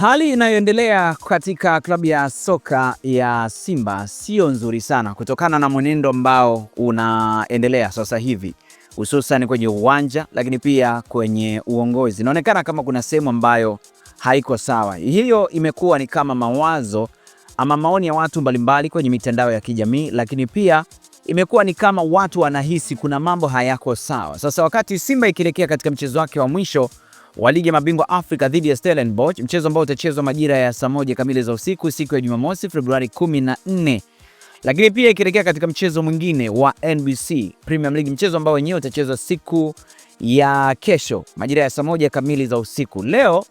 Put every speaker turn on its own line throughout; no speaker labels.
Hali inayoendelea katika klabu ya soka ya Simba sio nzuri sana kutokana na mwenendo ambao unaendelea sasa hivi hususan kwenye uwanja lakini pia kwenye uongozi. Inaonekana kama kuna sehemu ambayo haiko sawa. Hiyo imekuwa ni kama mawazo ama maoni ya watu mbalimbali kwenye mitandao ya kijamii, lakini pia imekuwa ni kama watu wanahisi kuna mambo hayako sawa. Sasa wakati Simba ikielekea katika mchezo wake wa mwisho wa ligi ya mabingwa Afrika dhidi ya Stellenbosch, mchezo ambao utachezwa majira ya saa moja kamili za usiku siku ya Jumamosi Februari 14. Lakini pia ikielekea katika mchezo mwingine wa NBC Premier League, mchezo ambao wenyewe utachezwa siku ya kesho majira ya saa moja kamili za usiku. Leo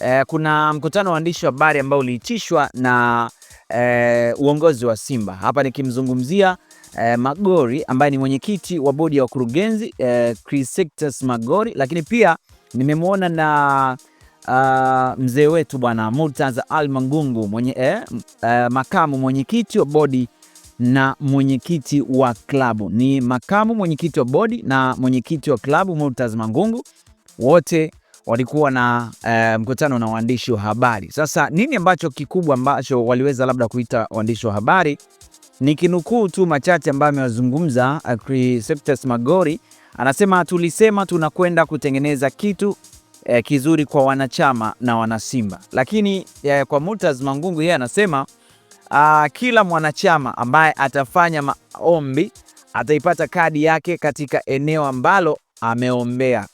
eh, kuna mkutano wa waandishi wa habari ambao uliitishwa na eh, uongozi wa Simba. Hapa nikimzungumzia eh, Magori ambaye ni mwenyekiti wa bodi ya wakurugenzi eh, Crisectus Magori, lakini pia nimemwona na uh, mzee wetu bwana Murtaza Al Mangungu mwenye, eh, uh, makamu mwenyekiti wa bodi na mwenyekiti wa klabu. Ni makamu mwenyekiti wa bodi na mwenyekiti wa klabu Murtaza Mangungu, wote walikuwa na uh, mkutano na waandishi wa habari. Sasa nini ambacho kikubwa ambacho waliweza labda kuita waandishi wa habari ni kinukuu tu machache ambayo amewazungumza Chris Magori Anasema tulisema tunakwenda kutengeneza kitu eh, kizuri kwa wanachama na wanasimba, lakini eh, kwa Murtaz Mangungu yeye anasema ah, kila mwanachama ambaye atafanya maombi ataipata kadi yake katika eneo ambalo ameombea.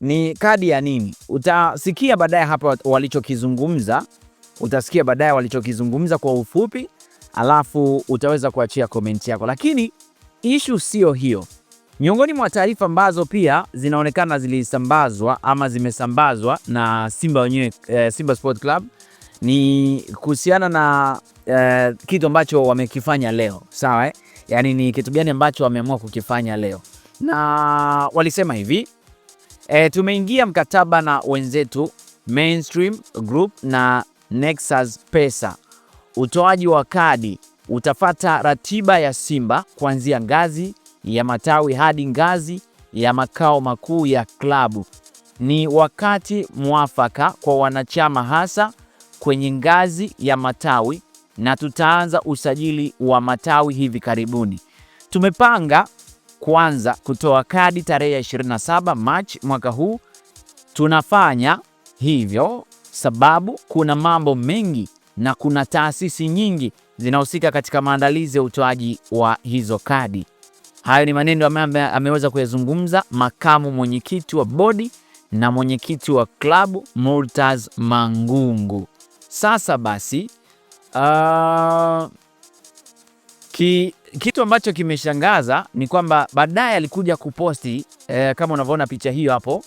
Ni kadi ya nini? Utasikia baadaye hapa walichokizungumza, utasikia baadaye walichokizungumza kwa ufupi, alafu utaweza kuachia komenti yako, lakini ishu sio hiyo. Miongoni mwa taarifa ambazo pia zinaonekana zilisambazwa ama zimesambazwa na Simba wenyewe, eh, Simba Sport Club ni kuhusiana na eh, kitu ambacho wamekifanya leo, sawa eh? Yaani ni kitu gani ambacho wameamua kukifanya leo, na walisema hivi eh, tumeingia mkataba na wenzetu Mainstream Group na Nexus Pesa. Utoaji wa kadi utafata ratiba ya Simba kuanzia ngazi ya matawi hadi ngazi ya makao makuu ya klabu. Ni wakati mwafaka kwa wanachama, hasa kwenye ngazi ya matawi, na tutaanza usajili wa matawi hivi karibuni. Tumepanga kwanza kutoa kadi tarehe ya 27 Machi mwaka huu. Tunafanya hivyo sababu kuna mambo mengi na kuna taasisi nyingi zinahusika katika maandalizi ya utoaji wa hizo kadi. Hayo ni maneno ambayo ameweza kuyazungumza makamu mwenyekiti wa bodi na mwenyekiti wa klabu Multaz Mangungu. Sasa basi uh, ki, kitu ambacho kimeshangaza ni kwamba baadaye alikuja kuposti eh, kama unavyoona picha hiyo hapo.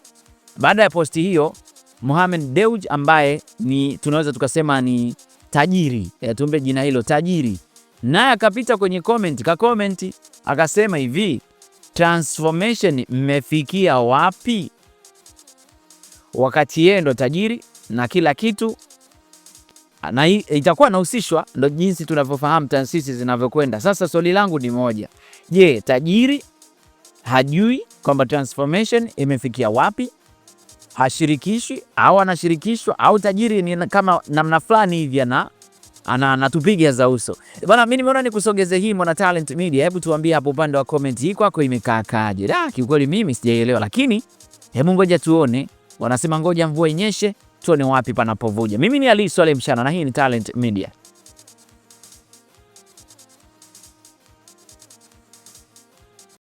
Baada ya posti hiyo Mohamed Dewji ambaye ni tunaweza tukasema ni tajiri eh, tumbe jina hilo tajiri, naye akapita kwenye comment ka comment akasema hivi, transformation, mmefikia wapi? Wakati yeye ndo tajiri na kila kitu na itakuwa nahusishwa, ndo jinsi tunavyofahamu taasisi zinavyokwenda. Sasa swali langu ni moja, je, tajiri hajui kwamba transformation imefikia wapi? Hashirikishwi au anashirikishwa? Au tajiri ni kama namna fulani hivi ana ana anatupiga za uso bwana. Mimi nimeona nikusogeze hii Mwana Talent Media, hebu tuambie hapo upande wa comment hii kwako imekaa kaje? Da, kiukweli mimi sijaelewa, lakini hebu ngoja tuone. Wanasema ngoja mvua inyeshe tuone wapi panapovuja. Mimi ni Ali Swale Mshana na hii ni Talent Media.